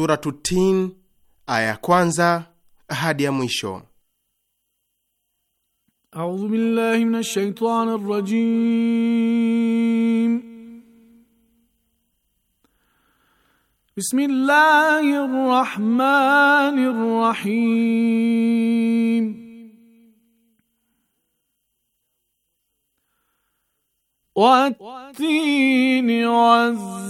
Suratu Tin aya ya kwanza hadi ya mwisho. A'udhu billahi minash shaitanir rajim. Bismillahir rahmanir rahim. والتين والزيتون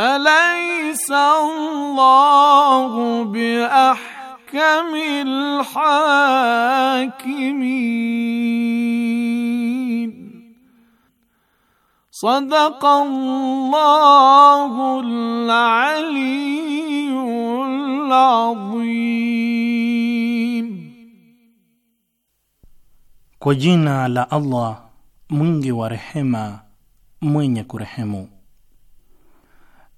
أليس الله بأحكم الحاكمين صدق الله العلي العظيم كجينا لا الله منجي ورحمة منك يكرهمو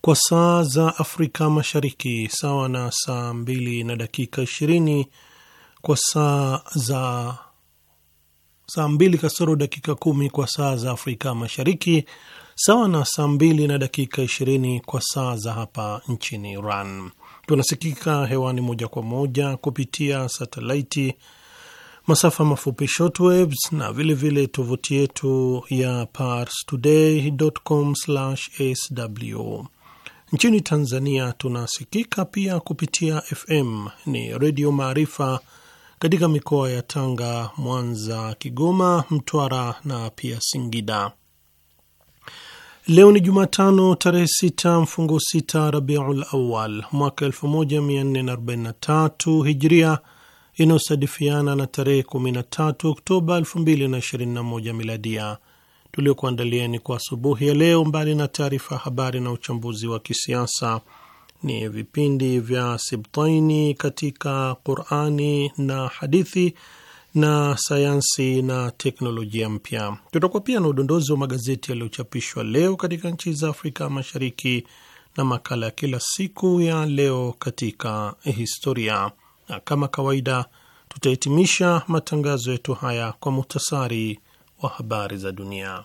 kwa saa za Afrika Mashariki, sawa na saa mbili na dakika ishirini kwa saa za saa mbili kasoro dakika kumi kwa saa za Afrika Mashariki, sawa na saa mbili na dakika ishirini kwa saa za hapa nchini Iran. Tunasikika hewani moja kwa moja kupitia satelaiti, masafa mafupi shortwaves na vilevile tovuti yetu ya parstoday.com/sw. Nchini Tanzania tunasikika pia kupitia FM ni Redio Maarifa katika mikoa ya Tanga, Mwanza, Kigoma, Mtwara na pia Singida. Leo ni Jumatano tarehe 6 mfungo 6 Rabiul Awal mwaka 1443 Hijria, inayosadifiana na tarehe 13 Oktoba 2021 Miladia tuliokuandalieni kwa asubuhi ya leo, mbali na taarifa ya habari na uchambuzi wa kisiasa, ni vipindi vya Sibtaini katika Qurani na hadithi na sayansi na teknolojia mpya. Tutakuwa pia na udondozi wa magazeti yaliyochapishwa leo katika nchi za Afrika Mashariki na makala ya kila siku ya leo katika historia, na kama kawaida tutahitimisha matangazo yetu haya kwa muhtasari wa habari za dunia.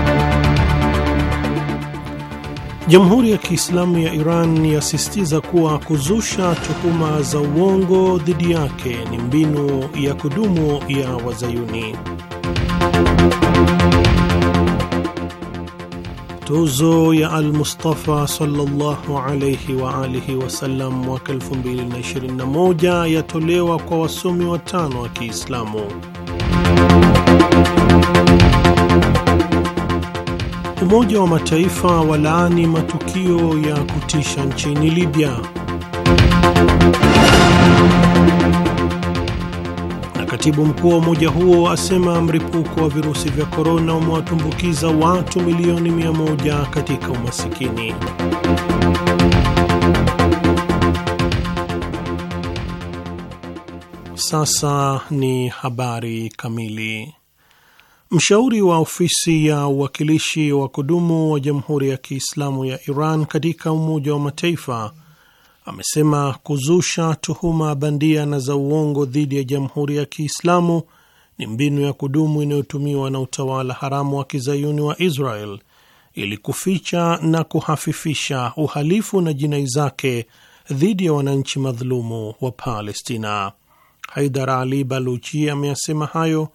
Jamhuri ya Kiislamu ya Iran yasisitiza kuwa kuzusha tuhuma za uongo dhidi yake ni mbinu ya kudumu ya Wazayuni. Tuzo ya Almustafa sallallahu alaihi wa alihi wasallam mwaka 2021 yatolewa kwa wasomi watano wa Kiislamu. Umoja wa Mataifa walaani matukio ya kutisha nchini Libya. Na katibu mkuu wa umoja huo asema mripuko wa virusi vya korona umewatumbukiza watu milioni 1 katika umasikini. Sasa ni habari kamili. Mshauri wa ofisi ya uwakilishi wa kudumu wa Jamhuri ya Kiislamu ya Iran katika Umoja wa Mataifa amesema kuzusha tuhuma bandia na za uongo dhidi ya Jamhuri ya Kiislamu ni mbinu ya kudumu inayotumiwa na utawala haramu wa kizayuni wa Israel ili kuficha na kuhafifisha uhalifu na jinai zake dhidi ya wananchi madhulumu wa Palestina. Haidar Ali Baluchi ameyasema hayo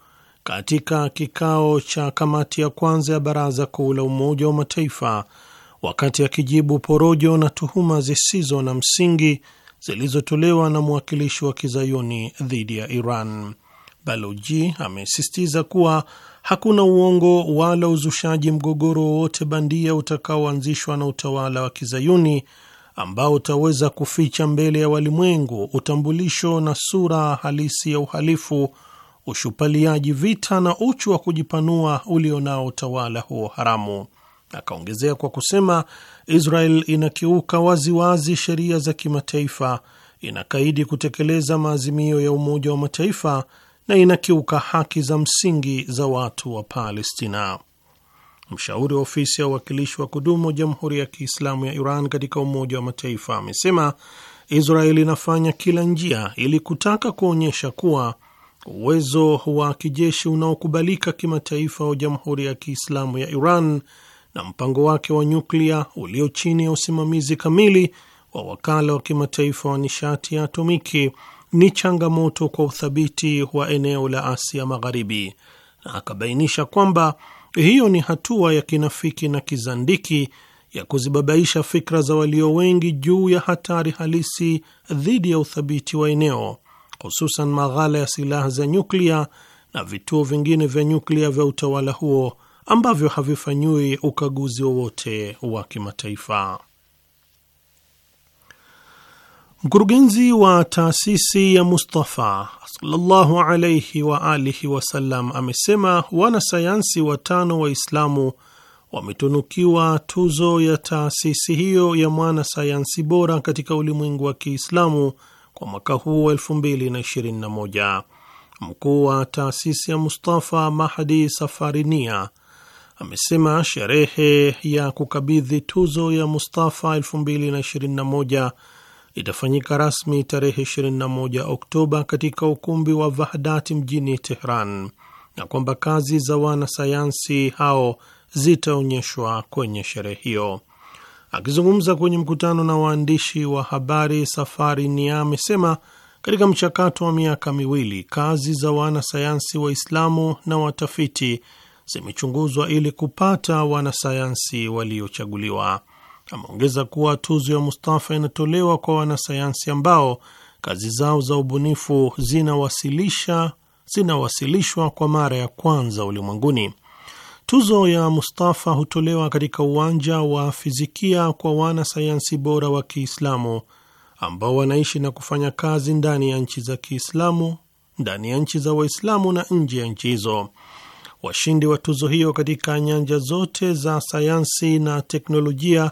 katika kikao cha kamati ya kwanza ya Baraza Kuu la Umoja wa Mataifa wakati akijibu porojo na tuhuma zisizo na msingi zilizotolewa na mwakilishi wa kizayoni dhidi ya Iran. Baloji amesisitiza kuwa hakuna uongo wala uzushaji mgogoro wowote bandia utakaoanzishwa na utawala wa kizayuni ambao utaweza kuficha mbele ya walimwengu utambulisho na sura halisi ya uhalifu ushupaliaji vita na uchu wa kujipanua ulionao utawala huo haramu. Akaongezea kwa kusema, Israel inakiuka waziwazi sheria za kimataifa, inakaidi kutekeleza maazimio ya Umoja wa Mataifa na inakiuka haki za msingi za watu wa Palestina. Mshauri wa ofisi ya uwakilishi wa kudumu Jamhuri ya Kiislamu ya Iran katika Umoja wa Mataifa amesema israel inafanya kila njia ili kutaka kuonyesha kuwa uwezo wa kijeshi unaokubalika kimataifa wa Jamhuri ya Kiislamu ya Iran na mpango wake wa nyuklia ulio chini ya usimamizi kamili wa Wakala wa Kimataifa wa Nishati ya Atomiki ni changamoto kwa uthabiti wa eneo la Asia Magharibi, na akabainisha kwamba hiyo ni hatua ya kinafiki na kizandiki ya kuzibabaisha fikra za walio wengi juu ya hatari halisi dhidi ya uthabiti wa eneo hususan maghala ya silaha za nyuklia na vituo vingine vya nyuklia vya utawala huo ambavyo havifanyiwi ukaguzi wowote wa kimataifa. Mkurugenzi wa taasisi ya Mustafa sallallahu alaihi wa alihi wasallam amesema wanasayansi watano Waislamu wametunukiwa tuzo ya taasisi hiyo ya mwanasayansi bora katika ulimwengu wa Kiislamu kwa mwaka huu wa 2021. Mkuu wa taasisi ya Mustafa Mahdi Safarinia amesema sherehe ya kukabidhi tuzo ya Mustafa 2021 itafanyika rasmi tarehe 21 Oktoba katika ukumbi wa Vahdati mjini Tehran na kwamba kazi za wanasayansi hao zitaonyeshwa kwenye sherehe hiyo. Akizungumza kwenye mkutano na waandishi wa habari, Safari Nia amesema katika mchakato wa miaka miwili kazi za wanasayansi Waislamu na watafiti zimechunguzwa ili kupata wanasayansi waliochaguliwa. Ameongeza kuwa tuzo ya Mustafa inatolewa kwa wanasayansi ambao kazi zao za ubunifu zinawasilisha zinawasilishwa kwa mara ya kwanza ulimwenguni. Tuzo ya Mustafa hutolewa katika uwanja wa fizikia kwa wanasayansi bora wa Kiislamu ambao wanaishi na kufanya kazi ndani ya nchi za Kiislamu, ndani ya nchi za Waislamu na nje ya nchi hizo. Washindi wa tuzo hiyo katika nyanja zote za sayansi na teknolojia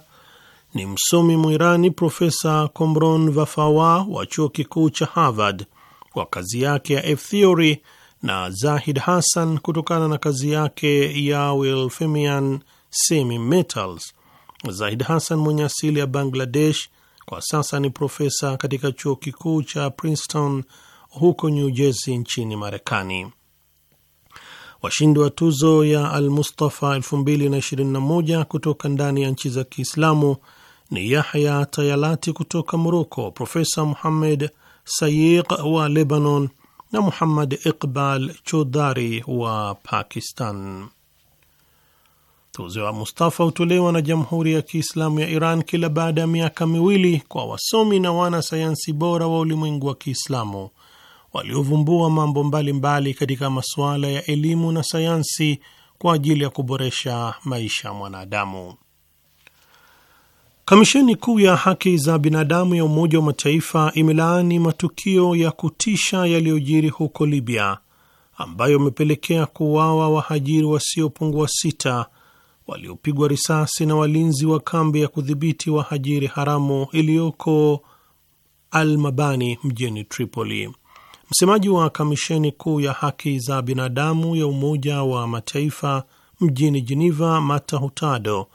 ni msomi Mwirani Profesa Komron Vafawa wa chuo kikuu cha Harvard kwa kazi yake ya F-theory na Zahid Hassan kutokana na kazi yake ya Wilfemian Semi Metals. Zahid Hassan mwenye asili ya Bangladesh kwa sasa ni profesa katika chuo kikuu cha Princeton huko New Jersey nchini Marekani. Washindi wa tuzo ya Almustafa 2021 kutoka ndani ya nchi za Kiislamu ni Yahya Tayalati kutoka Moroko, Profesa Muhammed Sayiq wa Lebanon na Muhammad Iqbal Chodhari wa Pakistan. Tuzo wa Mustafa hutolewa na Jamhuri ya Kiislamu ya Iran kila baada ya miaka miwili kwa wasomi na wanasayansi bora wa ulimwengu wa Kiislamu waliovumbua mambo mbalimbali mbali katika masuala ya elimu na sayansi kwa ajili ya kuboresha maisha ya mwanadamu. Kamisheni kuu ya haki za binadamu ya Umoja wa Mataifa imelaani matukio ya kutisha yaliyojiri huko Libya ambayo amepelekea kuuawa wahajiri wasiopungua wa sita waliopigwa risasi na walinzi wa kambi ya kudhibiti wahajiri haramu iliyoko Almabani mjini Tripoli. Msemaji wa kamisheni kuu ya haki za binadamu ya Umoja wa Mataifa mjini Jeneva, Mata Hutado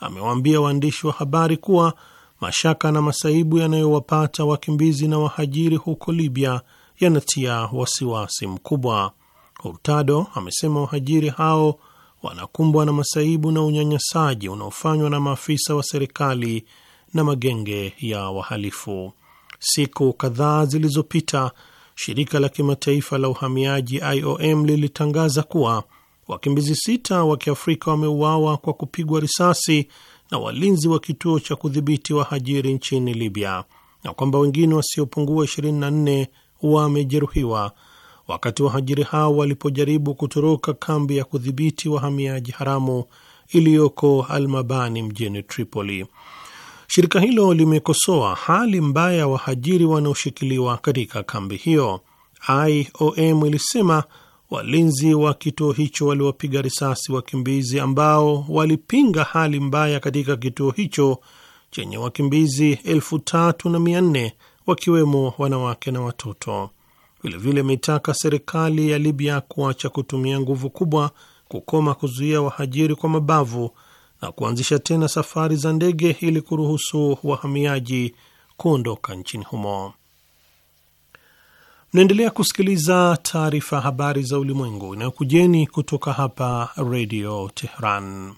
amewaambia waandishi wa habari kuwa mashaka na masaibu yanayowapata wakimbizi na wahajiri huko Libya yanatia wasiwasi mkubwa. Hurtado amesema wahajiri hao wanakumbwa na masaibu na unyanyasaji unaofanywa na maafisa wa serikali na magenge ya wahalifu. Siku kadhaa zilizopita, shirika la kimataifa la uhamiaji IOM lilitangaza kuwa Wakimbizi sita wa Kiafrika wameuawa kwa kupigwa risasi na walinzi wa kituo cha kudhibiti wahajiri nchini Libya na kwamba wengine wasiopungua 24 wamejeruhiwa wakati wahajiri hao walipojaribu kutoroka kambi ya kudhibiti wahamiaji haramu iliyoko Almabani mjini Tripoli. Shirika hilo limekosoa hali mbaya ya wahajiri wanaoshikiliwa katika kambi hiyo. IOM ilisema Walinzi wa kituo hicho waliwapiga risasi wakimbizi ambao walipinga hali mbaya katika kituo hicho chenye wakimbizi elfu tatu na mia nne wakiwemo wanawake na watoto. Vilevile imetaka serikali ya Libya kuacha kutumia nguvu kubwa kukoma kuzuia wahajiri kwa mabavu na kuanzisha tena safari za ndege ili kuruhusu wahamiaji kuondoka nchini humo. Mnaendelea kusikiliza taarifa habari za ulimwengu inayokujeni kutoka hapa redio Tehran.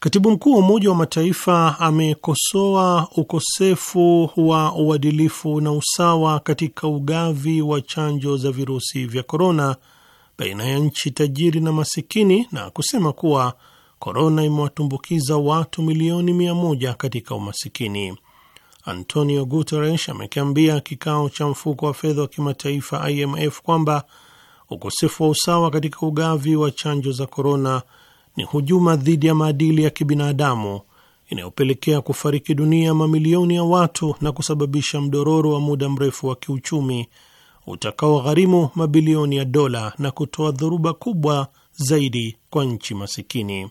Katibu mkuu wa Umoja wa Mataifa amekosoa ukosefu wa uadilifu na usawa katika ugavi wa chanjo za virusi vya korona baina ya nchi tajiri na masikini na kusema kuwa korona imewatumbukiza watu milioni mia moja katika umasikini. Antonio Guterres amekiambia kikao cha mfuko wa fedha wa kimataifa IMF kwamba ukosefu wa usawa katika ugavi wa chanjo za korona ni hujuma dhidi ya maadili ya kibinadamu inayopelekea kufariki dunia mamilioni ya watu na kusababisha mdororo wa muda mrefu wa kiuchumi utakaogharimu mabilioni ya dola na kutoa dhoruba kubwa zaidi kwa nchi masikini.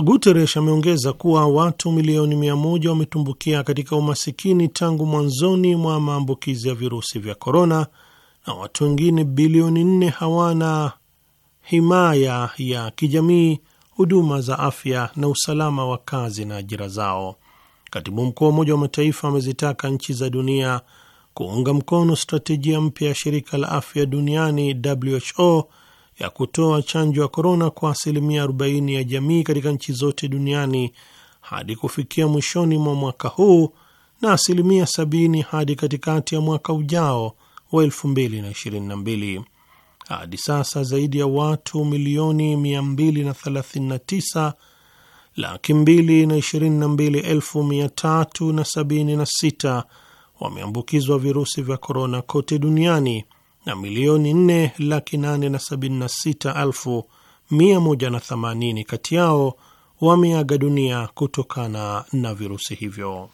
Guterres ameongeza kuwa watu milioni mia moja wametumbukia katika umasikini tangu mwanzoni mwa maambukizi ya virusi vya korona na watu wengine bilioni nne hawana himaya ya kijamii, huduma za afya na usalama wa kazi na ajira zao. Katibu mkuu wa Umoja wa Mataifa amezitaka nchi za dunia kuunga mkono stratejia mpya ya shirika la afya duniani WHO ya kutoa chanjo ya korona kwa asilimia 40 ya jamii katika nchi zote duniani hadi kufikia mwishoni mwa mwaka huu na asilimia 70 hadi katikati ya mwaka ujao wa 2022. Hadi sasa zaidi ya watu milioni 239 laki mbili na ishirini na mbili elfu mia tatu na sabini na sita wameambukizwa virusi vya korona kote duniani na milioni 4,876,180 kati yao wameaga dunia kutokana na virusi hivyo.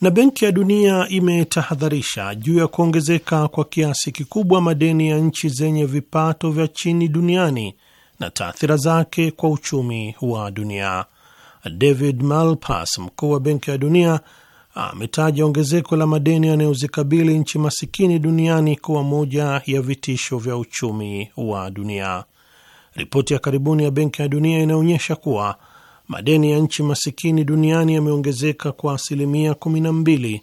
Na Benki ya Dunia imetahadharisha juu ya kuongezeka kwa kiasi kikubwa madeni ya nchi zenye vipato vya chini duniani na taathira zake kwa uchumi wa dunia. David Malpass, mkuu wa Benki ya Dunia, ametaja ongezeko la madeni yanayozikabili nchi masikini duniani kuwa moja ya vitisho vya uchumi wa dunia. Ripoti ya karibuni ya Benki ya Dunia inaonyesha kuwa madeni ya nchi masikini duniani yameongezeka kwa asilimia 12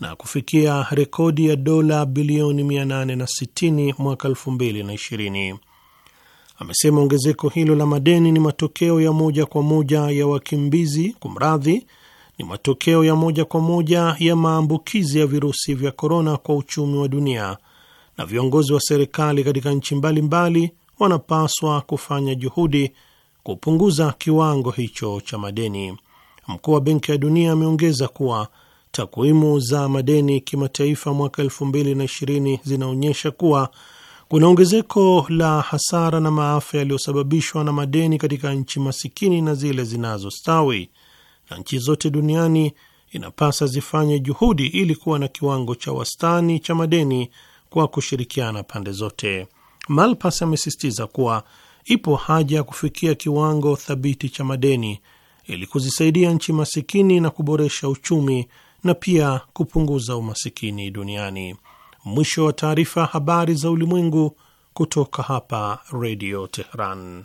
na kufikia rekodi ya dola bilioni 860 mwaka 2020. Amesema ongezeko hilo la madeni ni matokeo ya moja kwa moja ya wakimbizi, kumradhi ni matokeo ya moja kwa moja ya maambukizi ya virusi vya korona kwa uchumi wa dunia, na viongozi wa serikali katika nchi mbalimbali wanapaswa kufanya juhudi kupunguza kiwango hicho cha madeni. Mkuu wa Benki ya Dunia ameongeza kuwa takwimu za madeni kimataifa mwaka 2020 zinaonyesha kuwa kuna ongezeko la hasara na maafa yaliyosababishwa na madeni katika nchi masikini na zile zinazostawi na nchi zote duniani inapasa zifanye juhudi ili kuwa na kiwango cha wastani cha madeni kwa kushirikiana pande zote. Malpass amesisitiza kuwa ipo haja ya kufikia kiwango thabiti cha madeni ili kuzisaidia nchi masikini na kuboresha uchumi na pia kupunguza umasikini duniani. Mwisho wa taarifa. Habari za Ulimwengu kutoka hapa Radio Tehran.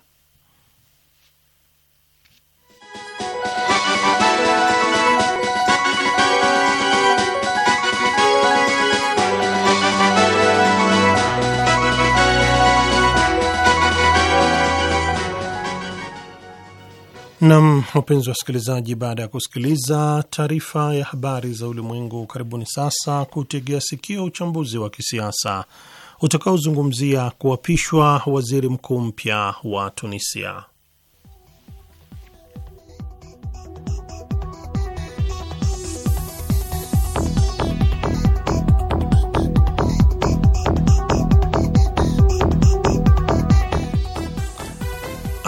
Nam, wapenzi wasikilizaji, baada ya kusikiliza taarifa ya habari za ulimwengu, karibuni sasa kutegea sikio uchambuzi wa kisiasa utakaozungumzia kuapishwa waziri mkuu mpya wa Tunisia.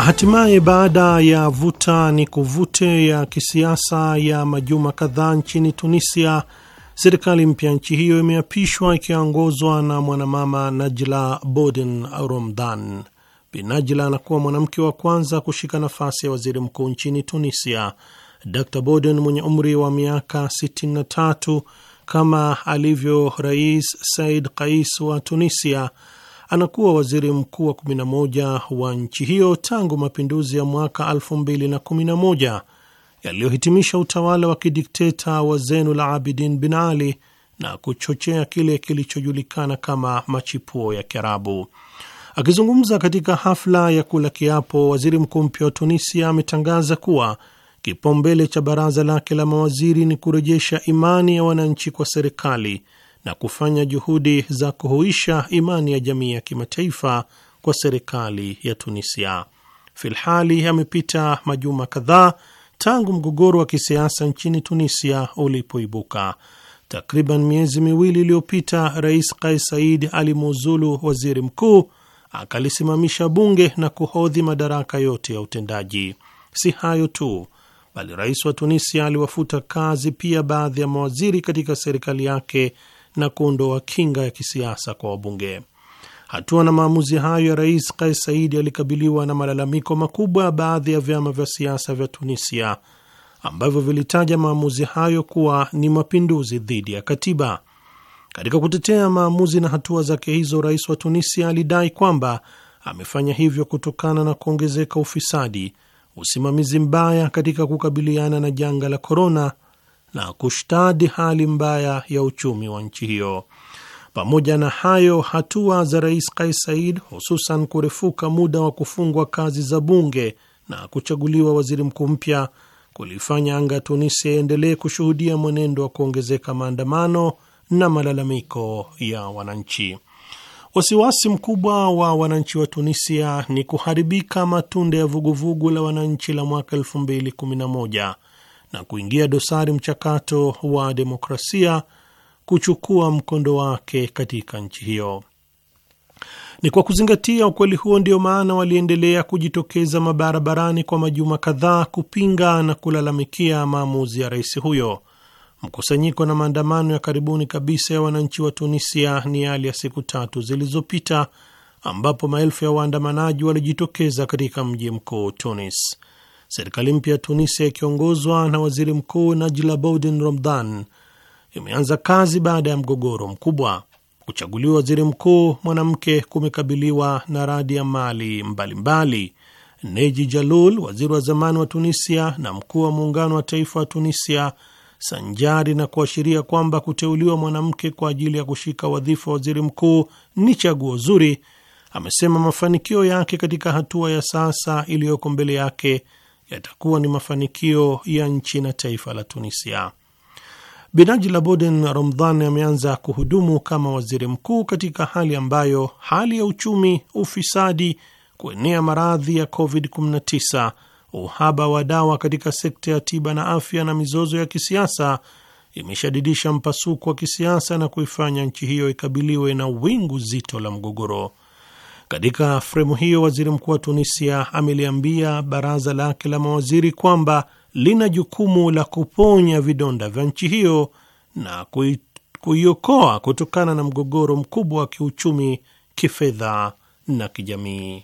Hatimaye, baada ya vuta ni kuvute ya kisiasa ya majuma kadhaa nchini Tunisia, serikali mpya nchi hiyo imeapishwa ikiongozwa na mwanamama Najla Boden Romdan. Bi Najla anakuwa mwanamke wa kwanza kushika nafasi ya waziri mkuu nchini Tunisia. Dr Boden mwenye umri wa miaka 63 kama alivyo Rais Said Kais wa Tunisia anakuwa waziri mkuu wa 11 wa nchi hiyo tangu mapinduzi ya mwaka 2011 yaliyohitimisha utawala wa kidikteta wa la Abidin bin Ali na kuchochea kile kilichojulikana kama machipuo ya Kiarabu. Akizungumza katika hafla ya kula kiapo, waziri mkuu mpya wa Tunisia ametangaza kuwa kipaumbele cha baraza lake la mawaziri ni kurejesha imani ya wananchi kwa serikali na kufanya juhudi za kuhuisha imani ya jamii ya kimataifa kwa serikali ya Tunisia. Filhali yamepita majuma kadhaa tangu mgogoro wa kisiasa nchini Tunisia ulipoibuka. Takriban miezi miwili iliyopita, Rais Kais Saied alimuuzulu waziri mkuu, akalisimamisha bunge na kuhodhi madaraka yote ya utendaji. Si hayo tu, bali rais wa Tunisia aliwafuta kazi pia baadhi ya mawaziri katika serikali yake na kuondoa kinga ya kisiasa kwa wabunge. Hatua na maamuzi hayo ya Rais Kais Saidi yalikabiliwa na malalamiko makubwa ya baadhi ya vyama vya siasa vya Tunisia ambavyo vilitaja maamuzi hayo kuwa ni mapinduzi dhidi ya katiba. Katika kutetea maamuzi na hatua zake hizo, rais wa Tunisia alidai kwamba amefanya hivyo kutokana na kuongezeka ufisadi, usimamizi mbaya katika kukabiliana na janga la korona na kushtadi hali mbaya ya uchumi wa nchi hiyo. Pamoja na hayo, hatua za Rais Kais Saied, hususan kurefuka muda wa kufungwa kazi za bunge na kuchaguliwa waziri mkuu mpya, kulifanya anga Tunisia iendelee kushuhudia mwenendo wa kuongezeka maandamano na malalamiko ya wananchi. Wasiwasi mkubwa wa wananchi wa Tunisia ni kuharibika matunda ya vuguvugu la wananchi la mwaka 2011 na kuingia dosari mchakato wa demokrasia kuchukua mkondo wake katika nchi hiyo. Ni kwa kuzingatia ukweli huo ndio maana waliendelea kujitokeza mabarabarani kwa majuma kadhaa kupinga na kulalamikia maamuzi ya rais huyo. Mkusanyiko na maandamano ya karibuni kabisa ya wananchi wa Tunisia ni hali ya siku tatu zilizopita, ambapo maelfu ya waandamanaji walijitokeza katika mji mkuu Tunis. Serikali mpya ya Tunisia ikiongozwa na waziri mkuu Najla Boudin Romdan imeanza kazi baada ya mgogoro mkubwa. Kuchaguliwa waziri mkuu mwanamke kumekabiliwa na radi ya mali mbalimbali. Neji Jalul, waziri wa zamani wa Tunisia na mkuu wa muungano wa taifa wa Tunisia, sanjari na kuashiria kwamba kuteuliwa mwanamke kwa ajili ya kushika wadhifa wa waziri mkuu ni chaguo zuri, amesema mafanikio yake katika hatua ya sasa iliyoko mbele yake yatakuwa ni mafanikio ya nchi na taifa la Tunisia. la Boden Ramdhan ameanza kuhudumu kama waziri mkuu katika hali ambayo hali ya uchumi, ufisadi, kuenea maradhi ya COVID-19, uhaba wa dawa katika sekta ya tiba na afya na mizozo ya kisiasa imeshadidisha mpasuko wa kisiasa na kuifanya nchi hiyo ikabiliwe na wingu zito la mgogoro. Katika fremu hiyo, waziri mkuu wa Tunisia ameliambia baraza lake la mawaziri kwamba lina jukumu la kuponya vidonda vya nchi hiyo na kuiokoa kutokana na mgogoro mkubwa wa kiuchumi, kifedha na kijamii.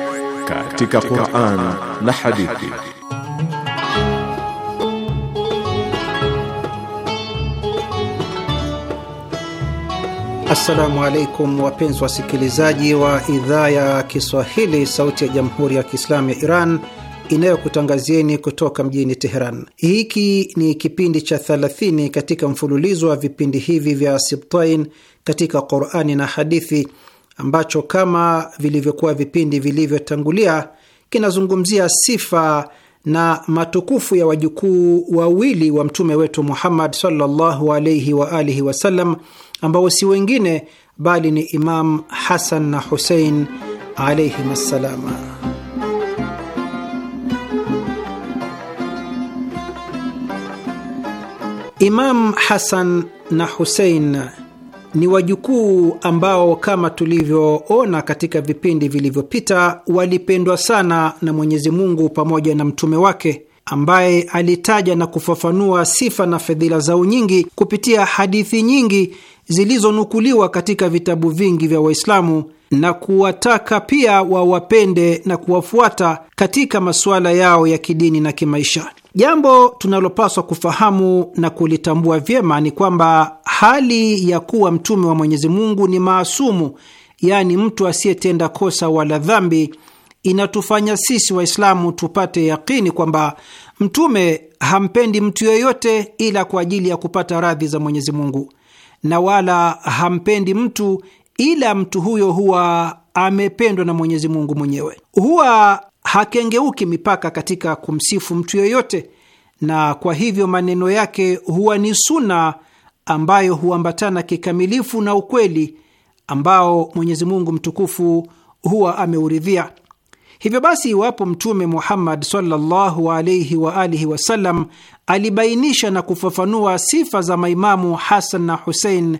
katika Qur'an na hadithi. Assalamu alaikum wapenzi wasikilizaji wa idhaa ya Kiswahili sauti ya Jamhuri ya Kiislamu ya Iran inayokutangazieni kutoka mjini Teheran. Hiki ni kipindi cha 30 katika mfululizo wa vipindi hivi vya Sibtain katika Qur'ani na hadithi ambacho kama vilivyokuwa vipindi vilivyotangulia kinazungumzia sifa na matukufu ya wajukuu wawili wa mtume wetu Muhammad sallallahu alaihi wa alihi wasallam ambao si wengine bali ni Imam Hasan na Husein alaihim assalama. Imam Hasan na Husein ni wajukuu ambao kama tulivyoona katika vipindi vilivyopita walipendwa sana na Mwenyezi Mungu pamoja na mtume wake ambaye alitaja na kufafanua sifa na fadhila zao nyingi kupitia hadithi nyingi zilizonukuliwa katika vitabu vingi vya Waislamu na kuwataka pia wawapende na kuwafuata katika masuala yao ya kidini na kimaisha. Jambo tunalopaswa kufahamu na kulitambua vyema ni kwamba hali ya kuwa mtume wa Mwenyezi Mungu ni maasumu, yaani mtu asiyetenda kosa wala dhambi, inatufanya sisi Waislamu tupate yakini kwamba mtume hampendi mtu yoyote ila kwa ajili ya kupata radhi za Mwenyezi Mungu, na wala hampendi mtu ila mtu huyo huwa amependwa na Mwenyezi Mungu mwenyewe. Huwa hakengeuki mipaka katika kumsifu mtu yoyote, na kwa hivyo maneno yake huwa ni suna ambayo huambatana kikamilifu na ukweli ambao Mwenyezi Mungu mtukufu huwa ameuridhia. Hivyo basi, iwapo Mtume Muhammad sallallahu alaihi wa alihi wasallam alibainisha na kufafanua sifa za maimamu Hasan na Husein,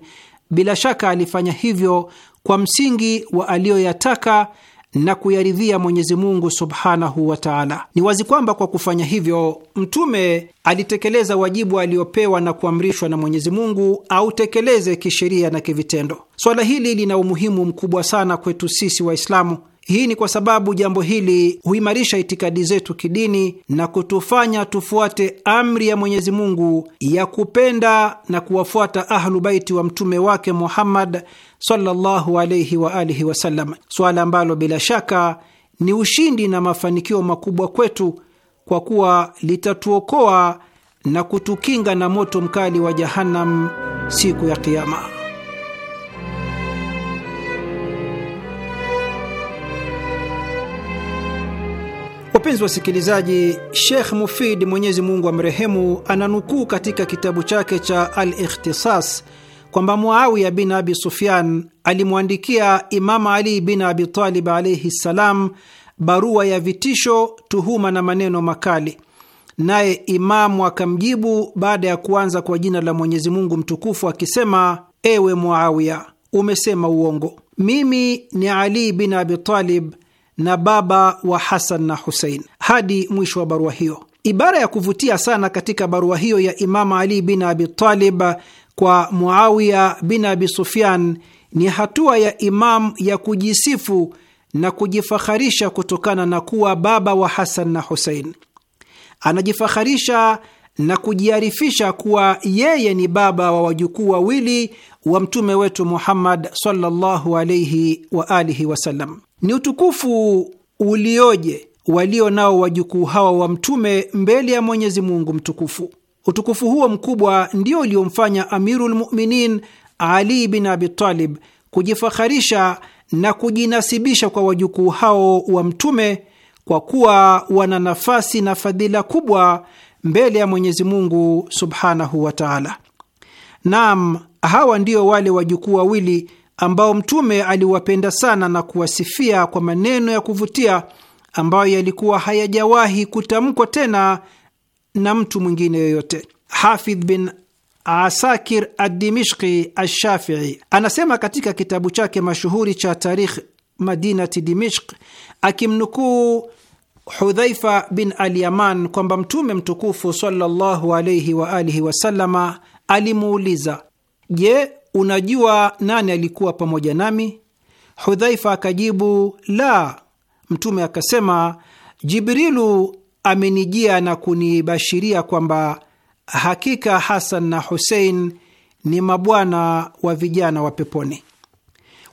bila shaka alifanya hivyo kwa msingi wa aliyoyataka na kuyaridhia Mwenyezi Mungu subhanahu wa taala. Ni wazi kwamba kwa kufanya hivyo Mtume alitekeleza wajibu aliopewa na kuamrishwa na Mwenyezi Mungu autekeleze kisheria na kivitendo. Swala hili lina umuhimu mkubwa sana kwetu sisi Waislamu hii ni kwa sababu jambo hili huimarisha itikadi zetu kidini na kutufanya tufuate amri ya Mwenyezi Mungu ya kupenda na kuwafuata Ahlu Baiti wa mtume wake Muhammad sallallahu alayhi wa alihi wasallam, swala ambalo bila shaka ni ushindi na mafanikio makubwa kwetu kwa kuwa litatuokoa na kutukinga na moto mkali wa Jahannam siku ya kiama Wapenzi wasikilizaji, Sheikh Mufid, Mwenyezi Mungu amrehemu, ananukuu katika kitabu chake cha Al-Ikhtisas kwamba Muawiya bin Abi Sufyan alimwandikia Imamu Ali bin Abi Talib alaihi ssalam barua ya vitisho, tuhuma na maneno makali, naye Imamu akamjibu baada ya kuanza kwa jina la Mwenyezi Mungu mtukufu akisema: ewe Muawiya, umesema uongo. Mimi ni Ali bin Abi Talib na baba wa Hasan na Husein, hadi mwisho wa barua hiyo. Ibara ya kuvutia sana katika barua hiyo ya Imamu Ali bin Abi Talib kwa Muawiya bin Abi Sufyan ni hatua ya Imamu ya kujisifu na kujifaharisha kutokana na kuwa baba wa Hasan na Husein. Anajifaharisha na kujiarifisha kuwa yeye ni baba wa wajukuu wawili wa mtume wetu Muhammad sallallahu alaihi wa alihi wasallam. Ni utukufu ulioje walio nao wajukuu hawa wa mtume mbele ya Mwenyezi Mungu mtukufu. Utukufu huo mkubwa ndio uliomfanya amirulmuminin Ali bin Abitalib kujifaharisha na kujinasibisha kwa wajukuu hao wa mtume kwa kuwa wana nafasi na fadhila kubwa mbele ya Mwenyezi Mungu subhanahu wa taala. Naam, hawa ndio wale wajukuu wawili ambao Mtume aliwapenda sana na kuwasifia kwa maneno ya kuvutia ambayo yalikuwa hayajawahi kutamkwa tena na mtu mwingine yoyote. Hafidh bin Asakir Adimishki Ashafii anasema katika kitabu chake mashuhuri cha Tarikh Madinati Dimishk akimnukuu Hudhaifa bin Alyaman kwamba Mtume mtukufu sallallahu alaihi wa alihi wasallama alimuuliza, je, unajua nani alikuwa pamoja nami? Hudhaifa akajibu la. Mtume akasema, Jibrilu amenijia na kunibashiria kwamba hakika Hasan na Husein ni mabwana wa vijana wa peponi.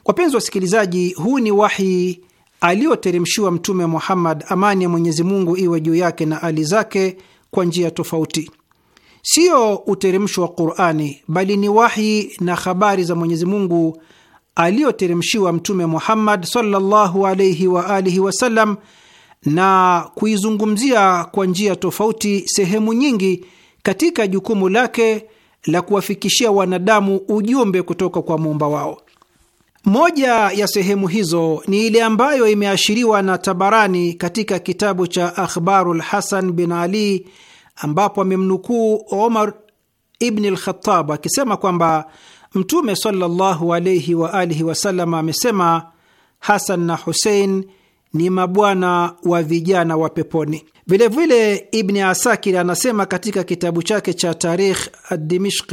Wapenzi wasikilizaji, huu ni wahi aliyoteremshiwa Mtume Muhammad, amani ya Mwenyezi Mungu iwe juu yake na ali zake, kwa njia tofauti. Siyo uteremsho wa Qurani, bali ni wahi na habari za Mwenyezi Mungu aliyoteremshiwa Mtume Muhammad sallallahu wa alihi wasallam na kuizungumzia kwa njia tofauti sehemu nyingi katika jukumu lake la kuwafikishia wanadamu ujumbe kutoka kwa muumba wao. Moja ya sehemu hizo ni ile ambayo imeashiriwa na Tabarani katika kitabu cha Akhbarul Hasan bin Ali, ambapo amemnukuu Omar ibni Lkhatab akisema kwamba Mtume sallallahu alaihi wasallam amesema, Hasan na Husein ni mabwana wa vijana wa peponi. Vilevile Ibni Asakir anasema katika kitabu chake cha Tarikh Adimishq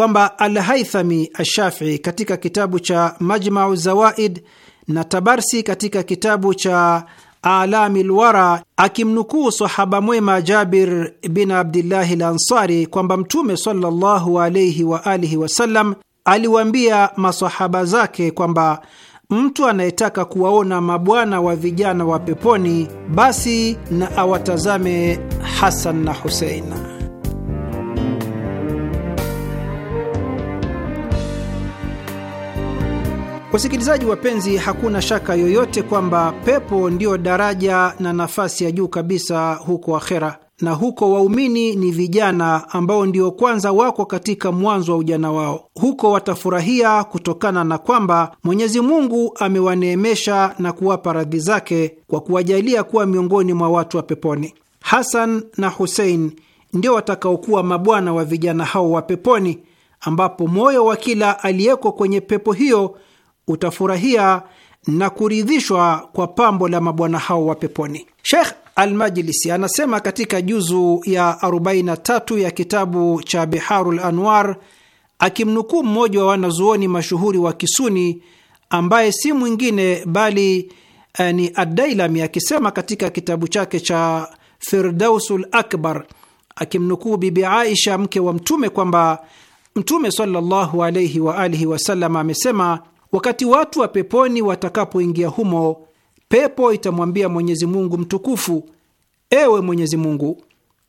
kwamba Alhaithami Ashafii katika kitabu cha Majmau Zawaid na Tabarsi katika kitabu cha Alami Lwara akimnukuu sahaba mwema Jabir bin Abdillahi Lansari kwamba Mtume sallallahu alaihi wa alihi wasallam aliwaambia masahaba zake kwamba mtu anayetaka kuwaona mabwana wa vijana wa peponi basi na awatazame Hasan na Husein. Wasikilizaji wapenzi, hakuna shaka yoyote kwamba pepo ndiyo daraja na nafasi ya juu kabisa huko akhera, na huko waumini ni vijana ambao ndio kwanza wako katika mwanzo wa ujana wao. Huko watafurahia kutokana na kwamba Mwenyezi Mungu amewaneemesha na kuwapa radhi zake kwa kuwajalia kuwa miongoni mwa watu wa peponi. Hasan na Husein ndio watakaokuwa mabwana wa vijana hao wa peponi, ambapo moyo wa kila aliyeko kwenye pepo hiyo utafurahia na kuridhishwa kwa pambo la mabwana hao wa peponi. Sheikh Almajlisi anasema katika juzu ya 43 ya kitabu cha Biharul Anwar, akimnukuu mmoja wa wanazuoni mashuhuri wa Kisuni ambaye si mwingine bali eh, ni Adailami akisema katika kitabu chake cha Firdausul Akbar akimnukuu Bibi Aisha mke wa Mtume kwamba Mtume sallallahu alaihi wasallam amesema Wakati watu wa peponi watakapoingia humo, pepo itamwambia Mwenyezi Mungu mtukufu, ewe Mwenyezi Mungu,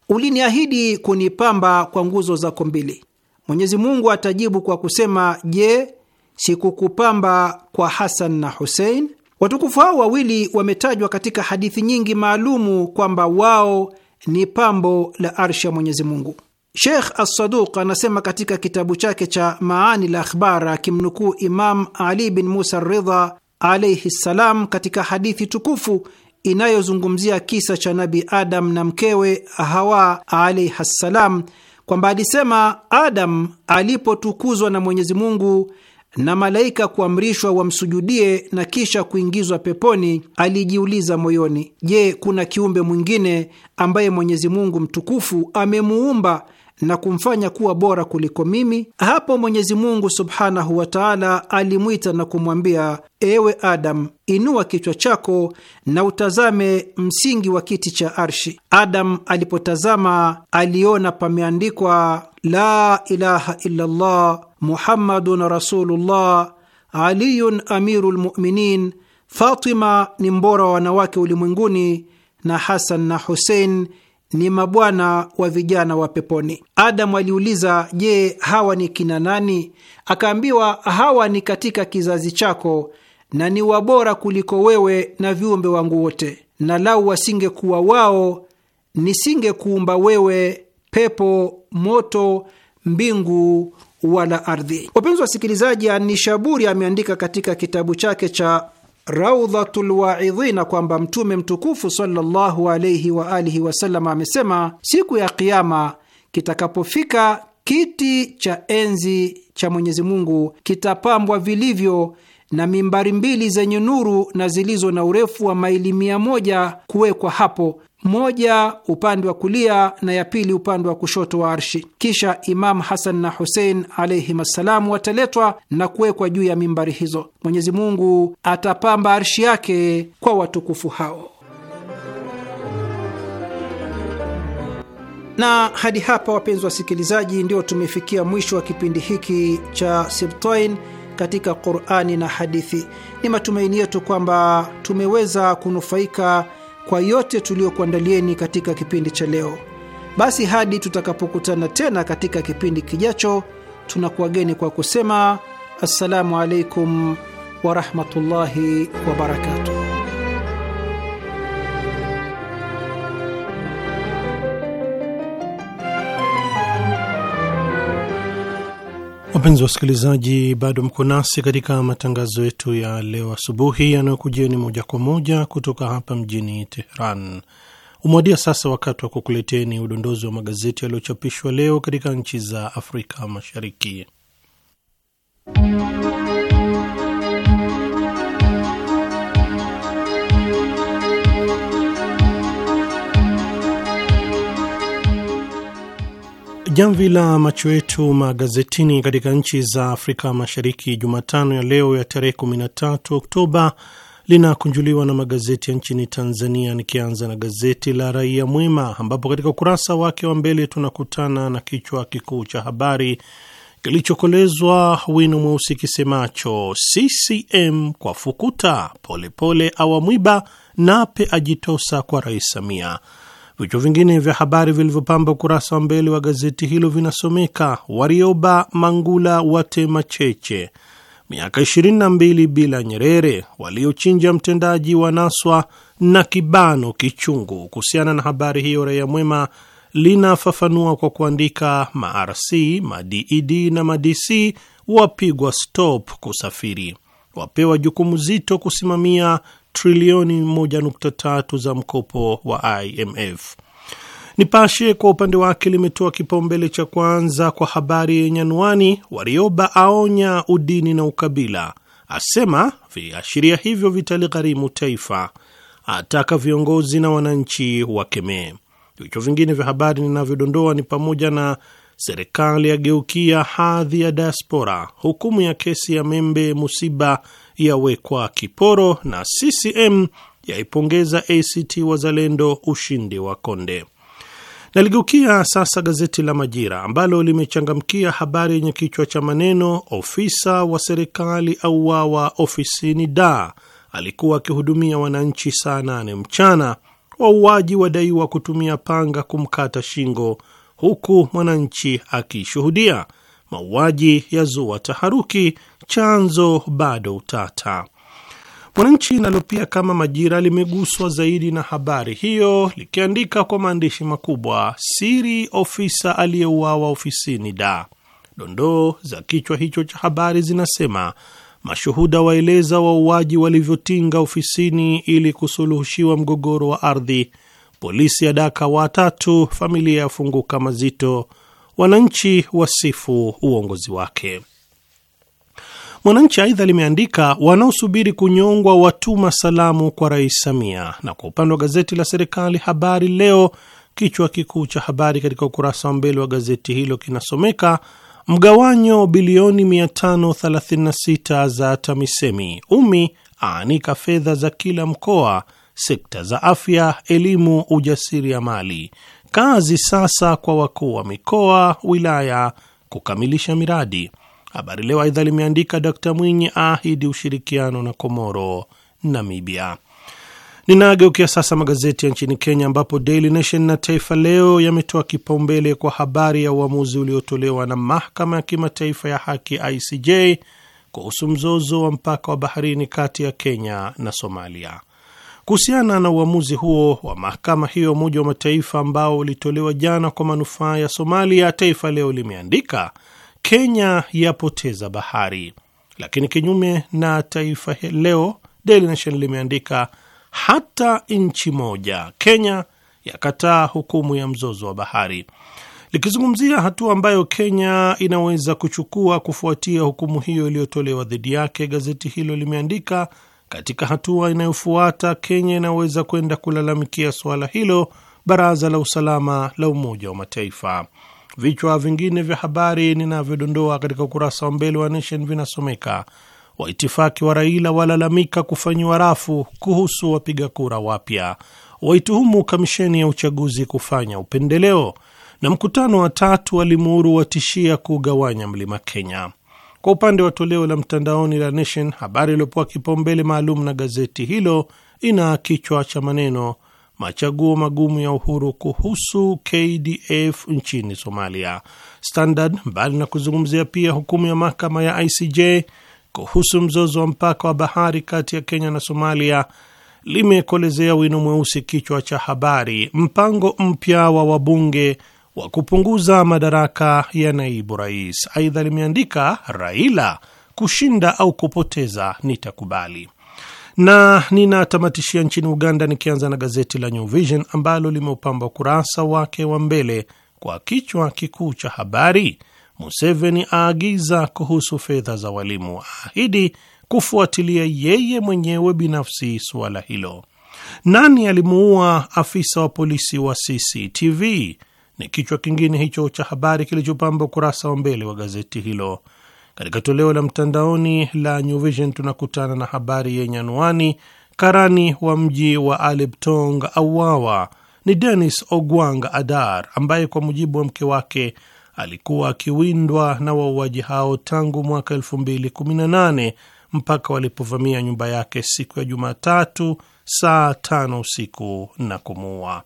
uliniahidi kunipamba kwa nguzo zako mbili. Mwenyezi Mungu atajibu kwa kusema, je, sikukupamba kwa Hasan na Husein? Watukufu hao wawili wametajwa katika hadithi nyingi maalumu kwamba wao ni pambo la arsha Mwenyezi Mungu. Sheikh Assaduq anasema katika kitabu chake cha Maani la Akhbar, akimnukuu Imam Ali bin Musa Ridha alaihi ssalam, katika hadithi tukufu inayozungumzia kisa cha Nabi Adam na mkewe Hawa alaihi ssalam, kwamba alisema Adam alipotukuzwa na Mwenyezi Mungu na malaika kuamrishwa wamsujudie na kisha kuingizwa peponi, alijiuliza moyoni, je, kuna kiumbe mwingine ambaye Mwenyezi Mungu mtukufu amemuumba na kumfanya kuwa bora kuliko mimi. Hapo Mwenyezi Mungu subhanahu wa taala alimwita na kumwambia, ewe Adam, inua kichwa chako na utazame msingi wa kiti cha arshi. Adam alipotazama aliona pameandikwa la ilaha illallah muhammadun rasulullah aliyun amiru lmuminin, Fatima ni mbora wa wanawake ulimwenguni, na Hasan na Husein ni mabwana wa vijana wa peponi. Adamu aliuliza, je, hawa ni kina nani? Akaambiwa, hawa ni katika kizazi chako na ni wabora kuliko wewe na viumbe wangu wote, na lau wasingekuwa wao, nisingekuumba wewe, pepo, moto, mbingu wala ardhi. Wapenzi wasikilizaji, Anishaburi ameandika katika kitabu chake cha Raudhatul Waidhina kwamba Mtume mtukufu sallallahu alaihi wa alihi wasallam amesema, siku ya Kiama kitakapofika kiti cha enzi cha Mwenyezi Mungu kitapambwa vilivyo na mimbari mbili zenye nuru na zilizo na urefu wa maili mia moja kuwekwa hapo moja upande wa kulia na ya pili upande wa kushoto wa arshi. Kisha Imam Hasan na Husein alayhim assalamu wataletwa na kuwekwa juu ya mimbari hizo. Mwenyezi Mungu atapamba arshi yake kwa watukufu hao. Na hadi hapa, wapenzi wasikilizaji, ndio tumefikia mwisho wa kipindi hiki cha Sibtain katika Qurani na Hadithi. Ni matumaini yetu kwamba tumeweza kunufaika kwa yote tuliyokuandalieni katika kipindi cha leo. Basi hadi tutakapokutana tena katika kipindi kijacho, tunakuwageni kwa kusema assalamu alaikum warahmatullahi wabarakatuh. Wapenzi wasikilizaji, bado mko nasi katika matangazo yetu ya leo asubuhi yanayokujieni moja kwa moja kutoka hapa mjini Teheran. Umewadia sasa wakati wa kukuleteni udondozi wa magazeti yaliyochapishwa leo katika nchi za Afrika Mashariki. Jamvi la macho yetu magazetini katika nchi za Afrika Mashariki Jumatano ya leo ya tarehe 13 Oktoba linakunjuliwa na magazeti ya nchini Tanzania, nikianza na gazeti la Raia Mwema ambapo katika ukurasa wake wa mbele tunakutana na kichwa kikuu cha habari kilichokolezwa wino mweusi kisemacho CCM kwa fukuta polepole awamwiba Nape ajitosa kwa Rais Samia. Vichwa vingine vya habari vilivyopamba ukurasa wa mbele wa gazeti hilo vinasomeka: Warioba Mangula watema cheche, miaka 22 bila Nyerere, waliochinja mtendaji wa Naswa na kibano kichungu. Kuhusiana na habari hiyo, Raia Mwema linafafanua kwa kuandika marc maded e na madc wapigwa stop kusafiri, wapewa jukumu zito kusimamia trilioni 1.3 za mkopo wa IMF. Nipashe kwa upande wake limetoa kipaumbele cha kwanza kwa habari yenye anwani Warioba aonya udini na ukabila, asema viashiria hivyo vitaligharimu taifa, ataka viongozi na wananchi wakemee. Vichwa vingine vya habari ninavyodondoa ni pamoja na serikali yageukia hadhi ya diaspora, hukumu ya kesi ya Membe, musiba yawekwa kiporo na CCM yaipongeza ACT Wazalendo ushindi wa Konde. Naligeukia sasa gazeti la Majira ambalo limechangamkia habari yenye kichwa cha maneno ofisa wa serikali auawa ofisini da alikuwa akihudumia wananchi saa nane mchana, wauaji wadaiwa kutumia panga kumkata shingo, huku mwananchi akishuhudia. Mauaji ya zua taharuki chanzo bado utata. Mwananchi nalo pia kama Majira limeguswa zaidi na habari hiyo likiandika kwa maandishi makubwa, siri ofisa aliyeuawa ofisini da. Dondoo za kichwa hicho cha habari zinasema mashuhuda waeleza wauaji walivyotinga ofisini ili kusuluhishiwa mgogoro wa ardhi, polisi ya daka watatu, familia yafunguka mazito, wananchi wasifu uongozi wake. Mwananchi aidha limeandika wanaosubiri kunyongwa watuma salamu kwa Rais Samia, na kwa upande wa gazeti la serikali Habari Leo, kichwa kikuu cha habari katika ukurasa wa mbele wa gazeti hilo kinasomeka mgawanyo bilioni 536 za TAMISEMI, umi aanika fedha za kila mkoa, sekta za afya, elimu, ujasiriamali, kazi sasa kwa wakuu wa mikoa, wilaya kukamilisha miradi Habari Leo aidha limeandika Dkt Mwinyi aahidi ushirikiano na Komoro, Namibia. Ninageukia sasa magazeti ya nchini Kenya, ambapo Daily Nation na Taifa Leo yametoa kipaumbele kwa habari ya uamuzi uliotolewa na mahakama ya kimataifa ya haki ICJ kuhusu mzozo wa mpaka wa baharini kati ya Kenya na Somalia. Kuhusiana na uamuzi huo wa mahakama hiyo ya Umoja wa Mataifa ambao ulitolewa jana kwa manufaa ya Somalia, Taifa Leo limeandika Kenya yapoteza bahari. Lakini kinyume na Taifa Leo, Daily Nation limeandika hata nchi moja Kenya yakataa hukumu ya mzozo wa bahari, likizungumzia hatua ambayo Kenya inaweza kuchukua kufuatia hukumu hiyo iliyotolewa dhidi yake. Gazeti hilo limeandika, katika hatua inayofuata Kenya inaweza kwenda kulalamikia suala hilo baraza la usalama la Umoja wa Mataifa. Vichwa vingine vya habari ninavyodondoa katika ukurasa wa mbele wa Nation vinasomeka: waitifaki wa Raila walalamika kufanyiwa rafu kuhusu wapiga kura wapya, waituhumu kamisheni ya uchaguzi kufanya upendeleo, na mkutano wa tatu wa watishia kugawanya mlima Kenya. Kwa upande wa toleo la mtandaoni la Nation, habari iliyopewa kipaumbele maalum na gazeti hilo ina kichwa cha maneno machaguo magumu ya uhuru kuhusu KDF nchini Somalia. Standard, mbali na kuzungumzia pia hukumu ya mahakama ya ICJ kuhusu mzozo wa mpaka wa bahari kati ya Kenya na Somalia, limekolezea wino mweusi kichwa cha habari, mpango mpya wa wabunge wa kupunguza madaraka ya naibu rais. Aidha limeandika Raila kushinda au kupoteza nitakubali na ninatamatishia nchini Uganda, nikianza na gazeti la New Vision ambalo limeupamba ukurasa wake wa mbele kwa kichwa kikuu cha habari, Museveni aagiza kuhusu fedha za walimu, ahidi kufuatilia yeye mwenyewe binafsi suala hilo. Nani alimuua afisa wa polisi wa CCTV? Ni kichwa kingine hicho cha habari kilichopamba ukurasa wa mbele wa gazeti hilo. Katika toleo la mtandaoni la New Vision tunakutana na habari yenye anwani karani wa mji wa Alebtong auawa. Ni Denis Ogwang Adar ambaye kwa mujibu wa mke wake alikuwa akiwindwa na wauaji hao tangu mwaka 2018 mpaka walipovamia nyumba yake siku ya Jumatatu saa tano usiku na kumuua.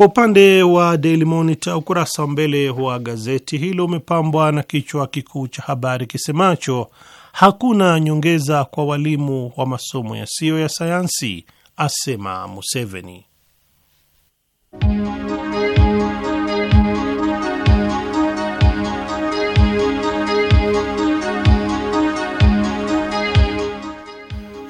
Kwa upande wa Daily Monitor, ukurasa wa mbele wa gazeti hilo umepambwa na kichwa kikuu cha habari kisemacho hakuna nyongeza kwa walimu wa masomo yasiyo ya sayansi, asema Museveni.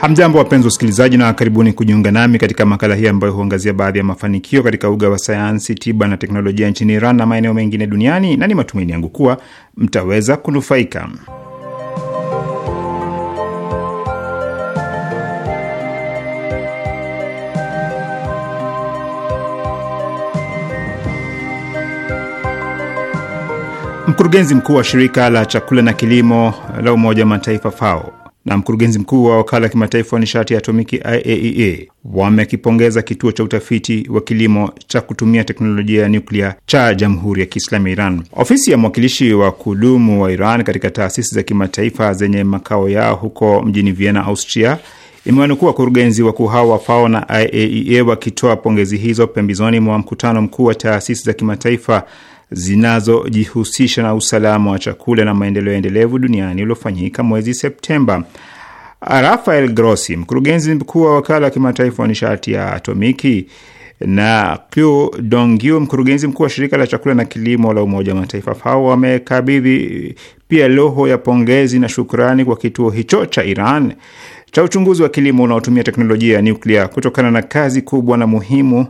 Hamjambo, wapenzi wasikilizaji, na karibuni kujiunga nami katika makala hii ambayo huangazia baadhi ya mafanikio katika uga wa sayansi, tiba na teknolojia nchini Iran na maeneo mengine duniani, na ni matumaini yangu kuwa mtaweza kunufaika. Mkurugenzi mkuu wa shirika la chakula na kilimo la Umoja wa Mataifa FAO na mkurugenzi mkuu wa wakala wa kimataifa wa nishati ya atomiki IAEA e wamekipongeza kituo cha utafiti wa kilimo cha kutumia teknolojia ya nyuklia cha Jamhuri ya Kiislamu ya Iran. Ofisi ya mwakilishi wa kudumu wa Iran katika taasisi za kimataifa zenye makao yao huko mjini Vienna, Austria imewanukua wakurugenzi wakuu hao wa FAO na IAEA e wakitoa pongezi hizo pembezoni mwa mkutano mkuu wa taasisi za kimataifa zinazojihusisha na usalama wa chakula na maendeleo endelevu duniani uliofanyika mwezi Septemba. Rafael Grossi, mkurugenzi mkuu wa wakala wa kimataifa wa nishati ya atomiki na Qu Dongyu, mkurugenzi mkuu wa shirika la chakula na kilimo la Umoja wa Mataifa FAO, wamekabidhi pia roho ya pongezi na shukrani kwa kituo hicho cha Iran cha uchunguzi wa kilimo unaotumia teknolojia ya nuklia kutokana na kazi kubwa na muhimu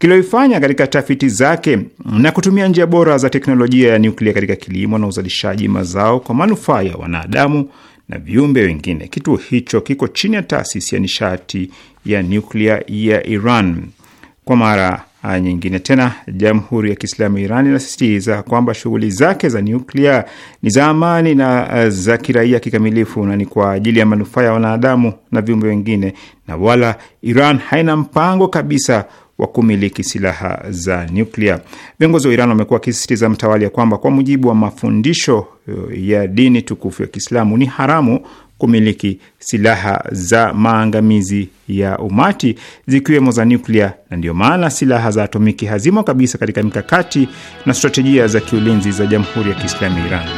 kiloifanya katika tafiti zake na kutumia njia bora za teknolojia ya nyuklia katika kilimo na uzalishaji mazao kwa manufaa ya wanadamu na viumbe wengine. Kituo hicho kiko chini ya taasisi ya nishati ya nyuklia ya Iran. Kwa mara ah, nyingine tena, Jamhuri ya Kiislamu ya Iran inasisitiza kwamba shughuli zake za nyuklia ni za amani na ah, za kiraia kikamilifu na ni kwa ajili ya manufaa ya wanadamu na viumbe wengine, na wala Iran haina mpango kabisa wa kumiliki silaha za nyuklia. Viongozi wa Iran wamekuwa wakisisitiza mtawali ya kwamba kwa mujibu wa mafundisho uh, ya dini tukufu ya Kiislamu ni haramu kumiliki silaha za maangamizi ya umati zikiwemo za nyuklia, na ndiyo maana silaha za atomiki hazimo kabisa katika mikakati na stratejia za kiulinzi za Jamhuri ya Kiislamu ya Iran.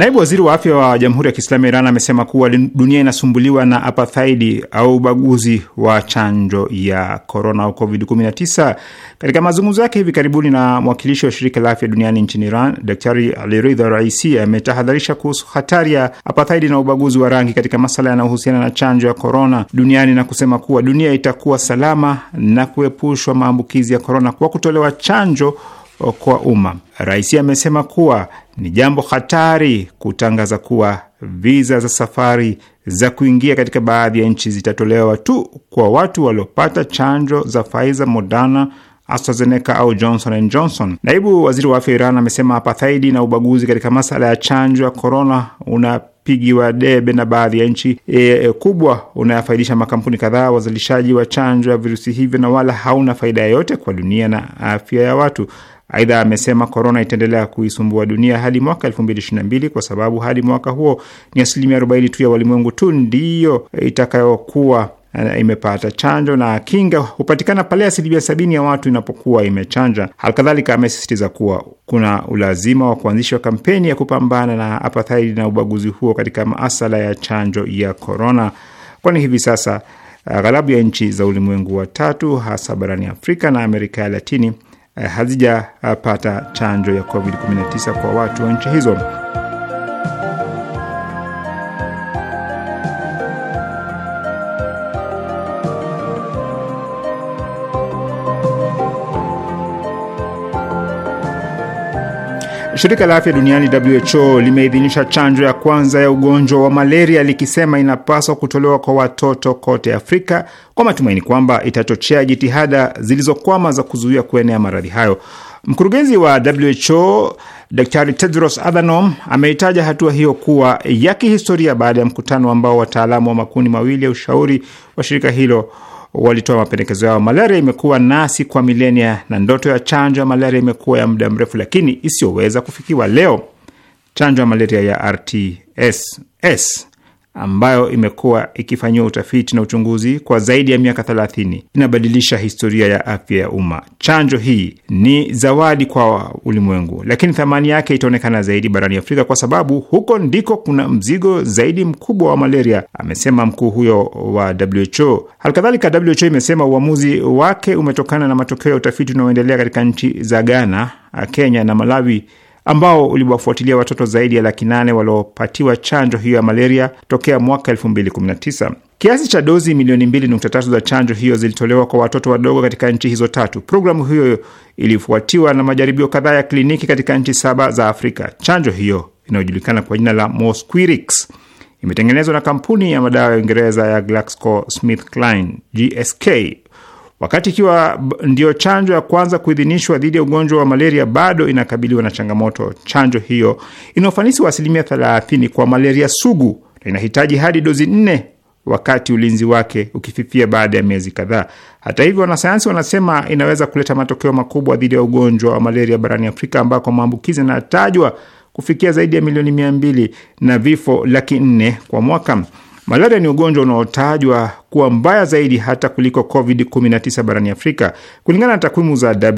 Naibu waziri wa afya wa Jamhuri ya Kiislamu ya Iran amesema kuwa dunia inasumbuliwa na apathaidi au ubaguzi wa chanjo ya korona au COVID-19. Katika mazungumzo yake hivi karibuni na mwakilishi wa shirika la afya duniani nchini Iran, Daktari Aliridha Raisi ametahadharisha kuhusu hatari ya apathaidi na ubaguzi wa rangi katika masala yanayohusiana na chanjo ya korona duniani na kusema kuwa dunia itakuwa salama na kuepushwa maambukizi ya korona kwa kutolewa chanjo kwa umma. Rais amesema kuwa ni jambo hatari kutangaza kuwa viza za safari za kuingia katika baadhi ya nchi zitatolewa tu kwa watu waliopata chanjo za Pfizer, Moderna, AstraZeneca au Johnson and Johnson. Naibu waziri wa afya Iran amesema apathaidi na ubaguzi katika masala ya chanjo ya korona unapigiwa debe na baadhi ya nchi e, e, kubwa unayafaidisha makampuni kadhaa wazalishaji wa chanjo ya virusi hivyo na wala hauna faida yoyote kwa dunia na afya ya watu. Aidha amesema korona itaendelea kuisumbua dunia hadi mwaka 2022 kwa sababu hadi mwaka huo ni asilimia 40 tu ya walimwengu tu ndiyo itakayokuwa eh, imepata chanjo na kinga hupatikana pale asilimia sabini ya watu inapokuwa imechanja. Halikadhalika, amesisitiza kuwa kuna ulazima wa kuanzishwa kampeni ya kupambana na apathaidi na ubaguzi huo katika maasala ya chanjo ya korona, kwani hivi sasa eh, ghalabu ya nchi za ulimwengu wa tatu hasa barani Afrika na Amerika ya Latini Eh, hazijapata chanjo ya COVID-19 kwa watu wa nchi hizo. Shirika la afya duniani WHO limeidhinisha chanjo ya kwanza ya ugonjwa wa malaria likisema inapaswa kutolewa kwa watoto kote Afrika kwa matumaini kwamba itachochea jitihada zilizokwama za kuzuia kuenea maradhi hayo. Mkurugenzi wa WHO Daktari Tedros Adhanom ameitaja hatua hiyo kuwa ya kihistoria baada ya mkutano ambao wataalamu wa makundi mawili ya ushauri wa shirika hilo walitoa mapendekezo yao. Malaria imekuwa nasi kwa milenia na ndoto ya chanjo ya malaria imekuwa ya muda mrefu, lakini isiyoweza kufikiwa. Leo chanjo ya malaria ya RTS ambayo imekuwa ikifanyiwa utafiti na uchunguzi kwa zaidi ya miaka 30 inabadilisha historia ya afya ya umma. Chanjo hii ni zawadi kwa ulimwengu, lakini thamani yake itaonekana zaidi barani Afrika kwa sababu huko ndiko kuna mzigo zaidi mkubwa wa malaria, amesema mkuu huyo wa WHO. Halikadhalika, WHO imesema uamuzi wake umetokana na matokeo ya utafiti unaoendelea katika nchi za Ghana, Kenya na Malawi ambao uliwafuatilia watoto zaidi ya laki nane waliopatiwa chanjo hiyo ya malaria tokea mwaka 2019. Kiasi cha dozi milioni 2.3 za chanjo hiyo zilitolewa kwa watoto wadogo katika nchi hizo tatu. Programu hiyo ilifuatiwa na majaribio kadhaa ya kliniki katika nchi saba za Afrika. Chanjo hiyo inayojulikana kwa jina la Mosquirix imetengenezwa na kampuni ya madawa ya Uingereza ya GlaxoSmithKline GSK Wakati ikiwa ndiyo chanjo ya kwanza kuidhinishwa dhidi ya ugonjwa wa malaria, bado inakabiliwa na changamoto. Chanjo hiyo ina ufanisi wa asilimia 30 kwa malaria sugu na inahitaji hadi dozi nne wakati ulinzi wake ukififia baada ya miezi kadhaa. Hata hivyo, wanasayansi wanasema inaweza kuleta matokeo makubwa dhidi ya ugonjwa wa malaria barani Afrika ambako maambukizi yanatajwa kufikia zaidi ya milioni mia mbili na vifo laki nne kwa mwaka. Malaria ni ugonjwa unaotajwa kuwa mbaya zaidi hata kuliko COVID-19 barani Afrika. Kulingana na takwimu za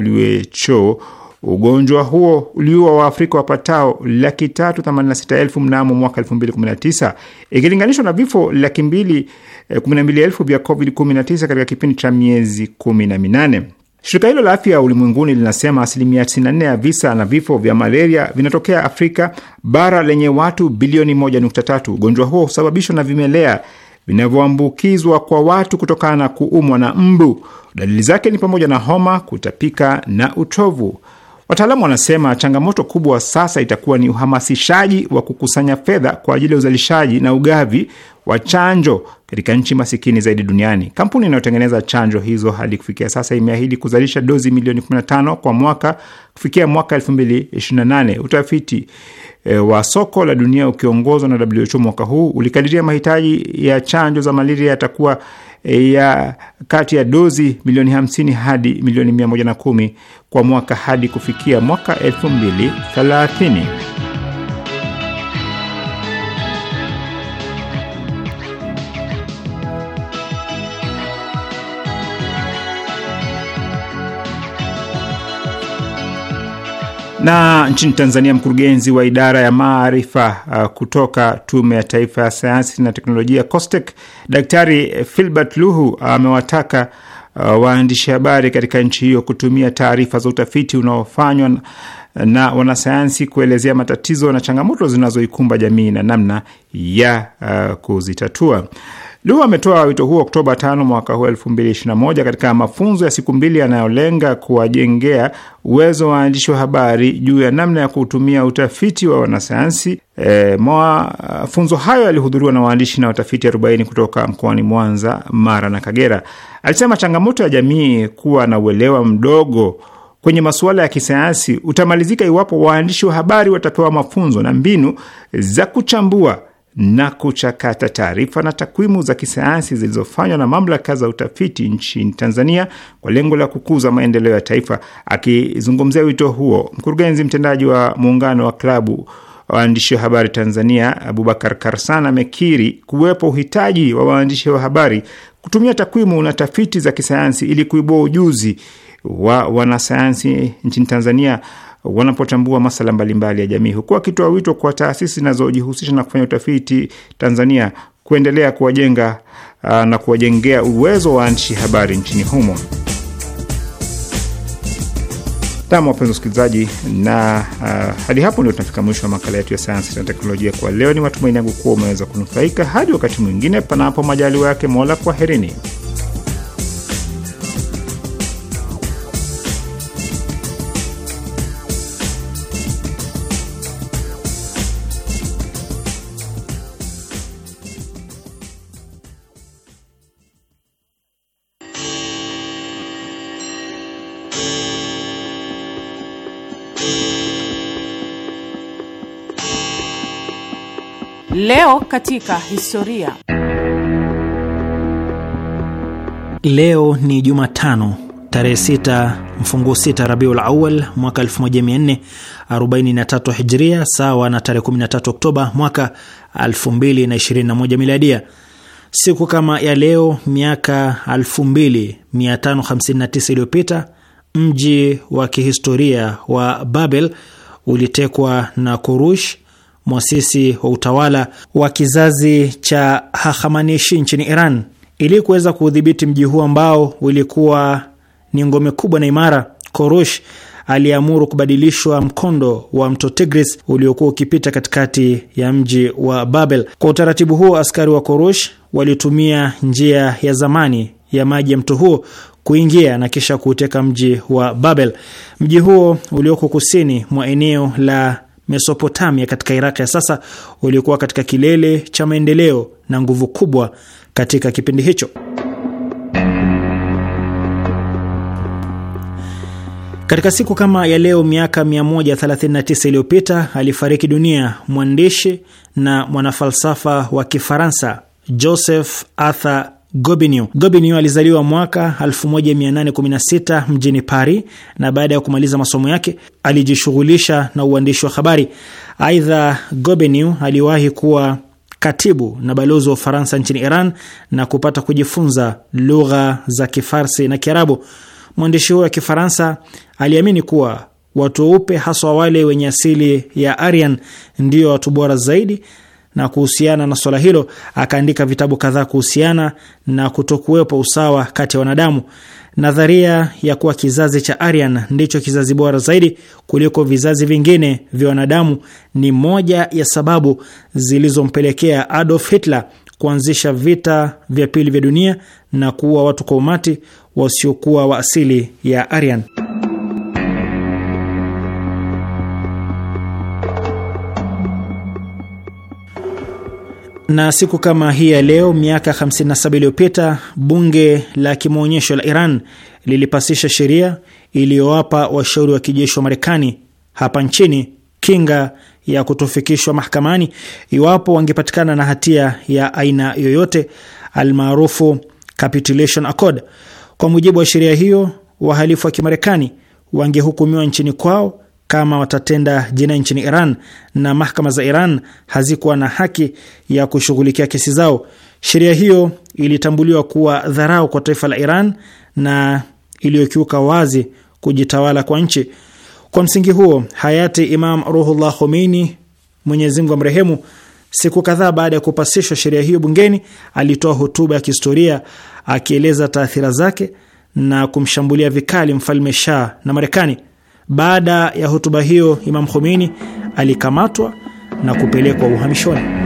WHO, ugonjwa huo uliua Waafrika wapatao laki tatu themanini na sita elfu mnamo mwaka elfu mbili kumi na tisa ikilinganishwa na vifo laki mbili eh, kumi na mbili elfu vya COVID-19 katika kipindi cha miezi kumi na minane. Shirika hilo la afya ulimwenguni linasema asilimia 94 ya visa na vifo vya malaria vinatokea Afrika bara lenye watu bilioni 1.3. Ugonjwa huo husababishwa na vimelea vinavyoambukizwa kwa watu kutokana na kuumwa na mbu. Dalili zake ni pamoja na homa, kutapika na uchovu Wataalamu wanasema changamoto kubwa sasa itakuwa ni uhamasishaji wa kukusanya fedha kwa ajili ya uzalishaji na ugavi wa chanjo katika nchi masikini zaidi duniani. Kampuni inayotengeneza chanjo hizo hadi kufikia sasa imeahidi kuzalisha dozi milioni 15 kwa mwaka kufikia mwaka 2028. Utafiti e, wa soko la dunia ukiongozwa na WHO mwaka huu ulikadiria mahitaji ya chanjo za malaria yatakuwa Eh, ya kati ya dozi milioni 50 hadi milioni 110 kwa mwaka hadi kufikia mwaka 2030. Na nchini Tanzania, mkurugenzi wa idara ya maarifa uh, kutoka Tume ya Taifa ya Sayansi na Teknolojia COSTECH, Daktari Filbert Luhu amewataka uh, uh, waandishi habari katika nchi hiyo kutumia taarifa za utafiti unaofanywa na, na wanasayansi kuelezea matatizo na changamoto zinazoikumba jamii na namna ya uh, kuzitatua. Lu ametoa wito huo Oktoba 5 mwaka huu 2021 katika mafunzo ya siku mbili yanayolenga kuwajengea uwezo wa waandishi wa habari juu ya namna ya kutumia utafiti wa wanasayansi. E, mafunzo hayo yalihudhuriwa na waandishi na watafiti 40 kutoka mkoani Mwanza, Mara na Kagera. Alisema changamoto ya jamii kuwa na uelewa mdogo kwenye masuala ya kisayansi utamalizika iwapo waandishi wa habari watapewa mafunzo na mbinu za kuchambua na kuchakata taarifa na takwimu za kisayansi zilizofanywa na mamlaka za utafiti nchini Tanzania kwa lengo la kukuza maendeleo ya taifa. Akizungumzia wito huo, mkurugenzi mtendaji wa muungano wa klabu waandishi wa habari Tanzania Abubakar Karsan amekiri kuwepo uhitaji wa waandishi wa habari kutumia takwimu na tafiti za kisayansi ili kuibua ujuzi wa wanasayansi nchini Tanzania wanapotambua masala mbalimbali ya jamii, huku akitoa wito kwa taasisi zinazojihusisha na kufanya utafiti Tanzania kuendelea kuwajenga uh, na kuwajengea uwezo wa waandishi habari nchini humo. Nam, wapenzi wasikilizaji, na uh, hadi hapo ndio tunafika mwisho wa makala yetu ya sayansi na teknolojia kwa leo. Ni matumaini yangu kuwa umeweza kunufaika. Hadi wakati mwingine, panapo majaliwa yake Mola, kwaherini. Leo katika historia. Leo ni Jumatano tarehe 6 mfungu 6 Rabiul Awal mwaka 1443 Hijria, sawa na tarehe 13 Oktoba mwaka 2021 Miladia. Siku kama ya leo miaka 2559 iliyopita mji wa kihistoria wa Babel ulitekwa na Kurush mwasisi wa utawala wa kizazi cha hahamanishi nchini Iran. Ili kuweza kuudhibiti mji huo ambao ulikuwa ni ngome kubwa na imara, Korush aliamuru kubadilishwa mkondo wa mto Tigris uliokuwa ukipita katikati ya mji wa Babel. Kwa utaratibu huo, askari wa Korush walitumia njia ya zamani ya maji ya mto huo kuingia na kisha kuuteka mji wa Babel. Mji huo ulioko kusini mwa eneo la Mesopotamia katika Iraq ya sasa uliokuwa katika kilele cha maendeleo na nguvu kubwa katika kipindi hicho. Katika siku kama ya leo miaka 139 iliyopita alifariki dunia mwandishi na mwanafalsafa wa Kifaransa Joseph Arthur Gobineau. Gobineau alizaliwa mwaka 1816 mjini Paris na baada ya kumaliza masomo yake alijishughulisha na uandishi wa habari. Aidha, Gobineau aliwahi kuwa katibu na balozi wa Ufaransa nchini Iran na kupata kujifunza lugha za Kifarsi na Kiarabu. Mwandishi huyo wa Kifaransa aliamini kuwa watu weupe haswa wale wenye asili ya Aryan ndio watu bora zaidi na kuhusiana na swala hilo akaandika vitabu kadhaa kuhusiana na kutokuwepo usawa kati ya wanadamu. Nadharia ya kuwa kizazi cha Aryan ndicho kizazi bora zaidi kuliko vizazi vingine vya wanadamu ni moja ya sababu zilizompelekea Adolf Hitler kuanzisha vita vya pili vya dunia na kuua watu kwa umati wasiokuwa wa asili ya Aryan. na siku kama hii ya leo miaka 57 iliyopita bunge la kimaonyesho la Iran lilipasisha sheria iliyowapa washauri wa kijeshi wa Marekani hapa nchini kinga ya kutofikishwa mahakamani iwapo wangepatikana na hatia ya aina yoyote, almaarufu capitulation accord. Kwa mujibu wa sheria hiyo, wahalifu wa Kimarekani wangehukumiwa nchini kwao kama watatenda jinai nchini Iran na mahakama za Iran hazikuwa na haki ya kushughulikia kesi zao. Sheria hiyo ilitambuliwa kuwa dharau kwa taifa la Iran na iliyokiuka wazi kujitawala kwa nchi. Kwa msingi huo, hayati Imam Ruhullah Khomeini, Mwenyezi Mungu amrehemu, siku kadhaa baada ya kupasishwa sheria hiyo bungeni, alitoa hotuba ya kihistoria akieleza taathira zake na kumshambulia vikali mfalme Shah na Marekani. Baada ya hotuba hiyo, Imam Khomeini alikamatwa na kupelekwa uhamishoni.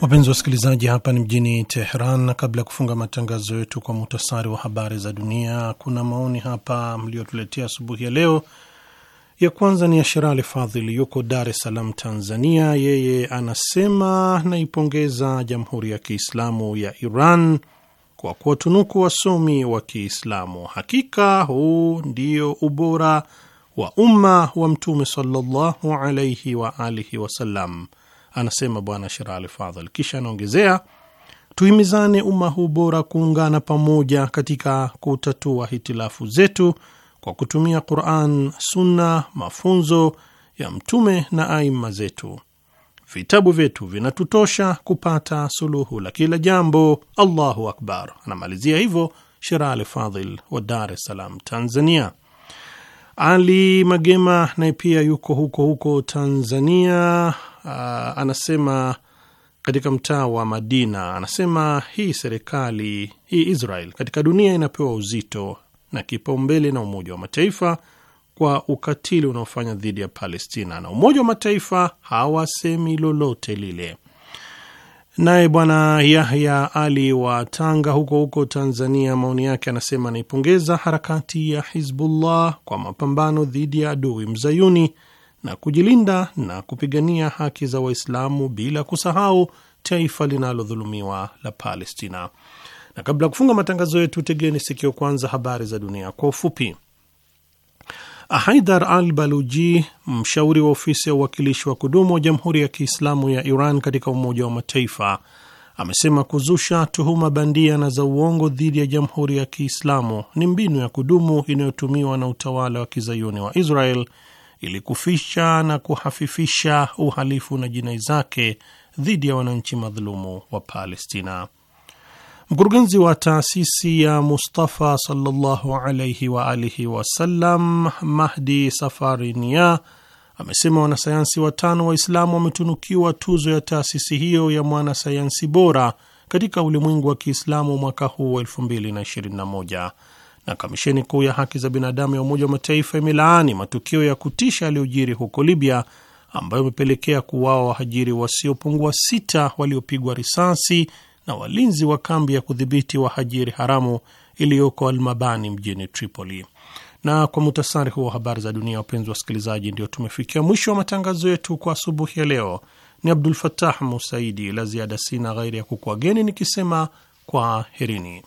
Wapenzi wasikilizaji, hapa ni mjini Teheran, na kabla ya kufunga matangazo yetu kwa muhtasari wa habari za dunia, kuna maoni hapa mliotuletea asubuhi ya leo ya kwanza ni ya Sherali Fadhili, yuko Dar es Salaam, Tanzania. Yeye anasema naipongeza Jamhuri ya Kiislamu ya Iran kwa kuwatunuku wasomi wa Kiislamu. Hakika huu ndio ubora wa umma wa Mtume sallallahu alaihi wa alihi wasallam, anasema Bwana Sherali Fadhili. Kisha anaongezea tuhimizane umma huu bora kuungana pamoja katika kutatua hitilafu zetu kwa kutumia Quran, Sunna, mafunzo ya Mtume na aima zetu. Vitabu vyetu vinatutosha kupata suluhu la kila jambo. Allahu akbar! Anamalizia hivyo Sherali Fadhil wa Dar es Salaam, Tanzania. Ali Magema naye pia yuko huko huko Tanzania. Uh, anasema katika mtaa wa Madina, anasema hii serikali hii Israel katika dunia inapewa uzito na kipaumbele na Umoja wa Mataifa kwa ukatili unaofanya dhidi ya Palestina, na Umoja wa Mataifa hawasemi lolote lile. Naye Bwana Yahya Ali wa Tanga huko huko Tanzania, maoni yake anasema, anaipongeza harakati ya Hizbullah kwa mapambano dhidi ya adui mzayuni na kujilinda na kupigania haki za Waislamu bila kusahau taifa linalodhulumiwa la Palestina. Na kabla ya kufunga matangazo yetu, tegeni sikio kwanza habari za dunia kwa ufupi. Haidar Al Baluji, mshauri wa ofisi ya uwakilishi wa kudumu wa Jamhuri ya Kiislamu ya Iran katika Umoja wa Mataifa, amesema kuzusha tuhuma bandia na za uongo dhidi ya Jamhuri ya Kiislamu ni mbinu ya kudumu inayotumiwa na utawala wa kizayuni wa Israel ili kufisha na kuhafifisha uhalifu na jinai zake dhidi ya wananchi madhulumu wa Palestina. Mkurugenzi wa taasisi ya Mustafa sallallahu alaihi wa alihi wasallam, Mahdi Safarinia, amesema wanasayansi watano Waislamu wametunukiwa tuzo ya taasisi hiyo ya mwanasayansi bora katika ulimwengu wa Kiislamu mwaka huu wa 2021. Na kamisheni kuu ya haki za binadamu ya Umoja wa Mataifa imelaani matukio ya kutisha yaliyojiri huko Libya ambayo imepelekea kuwawa wahajiri wasiopungua sita waliopigwa risasi na walinzi wa kambi ya kudhibiti wahajiri haramu iliyoko Almabani mjini Tripoli. Na kwa mutasari huo wa habari za dunia, wapenzi wasikilizaji, ndio tumefikia mwisho wa matangazo yetu kwa asubuhi ya leo. Ni Abdul Fatah Musaidi. La ziada sina ghairi ya kukuageni nikisema kwa herini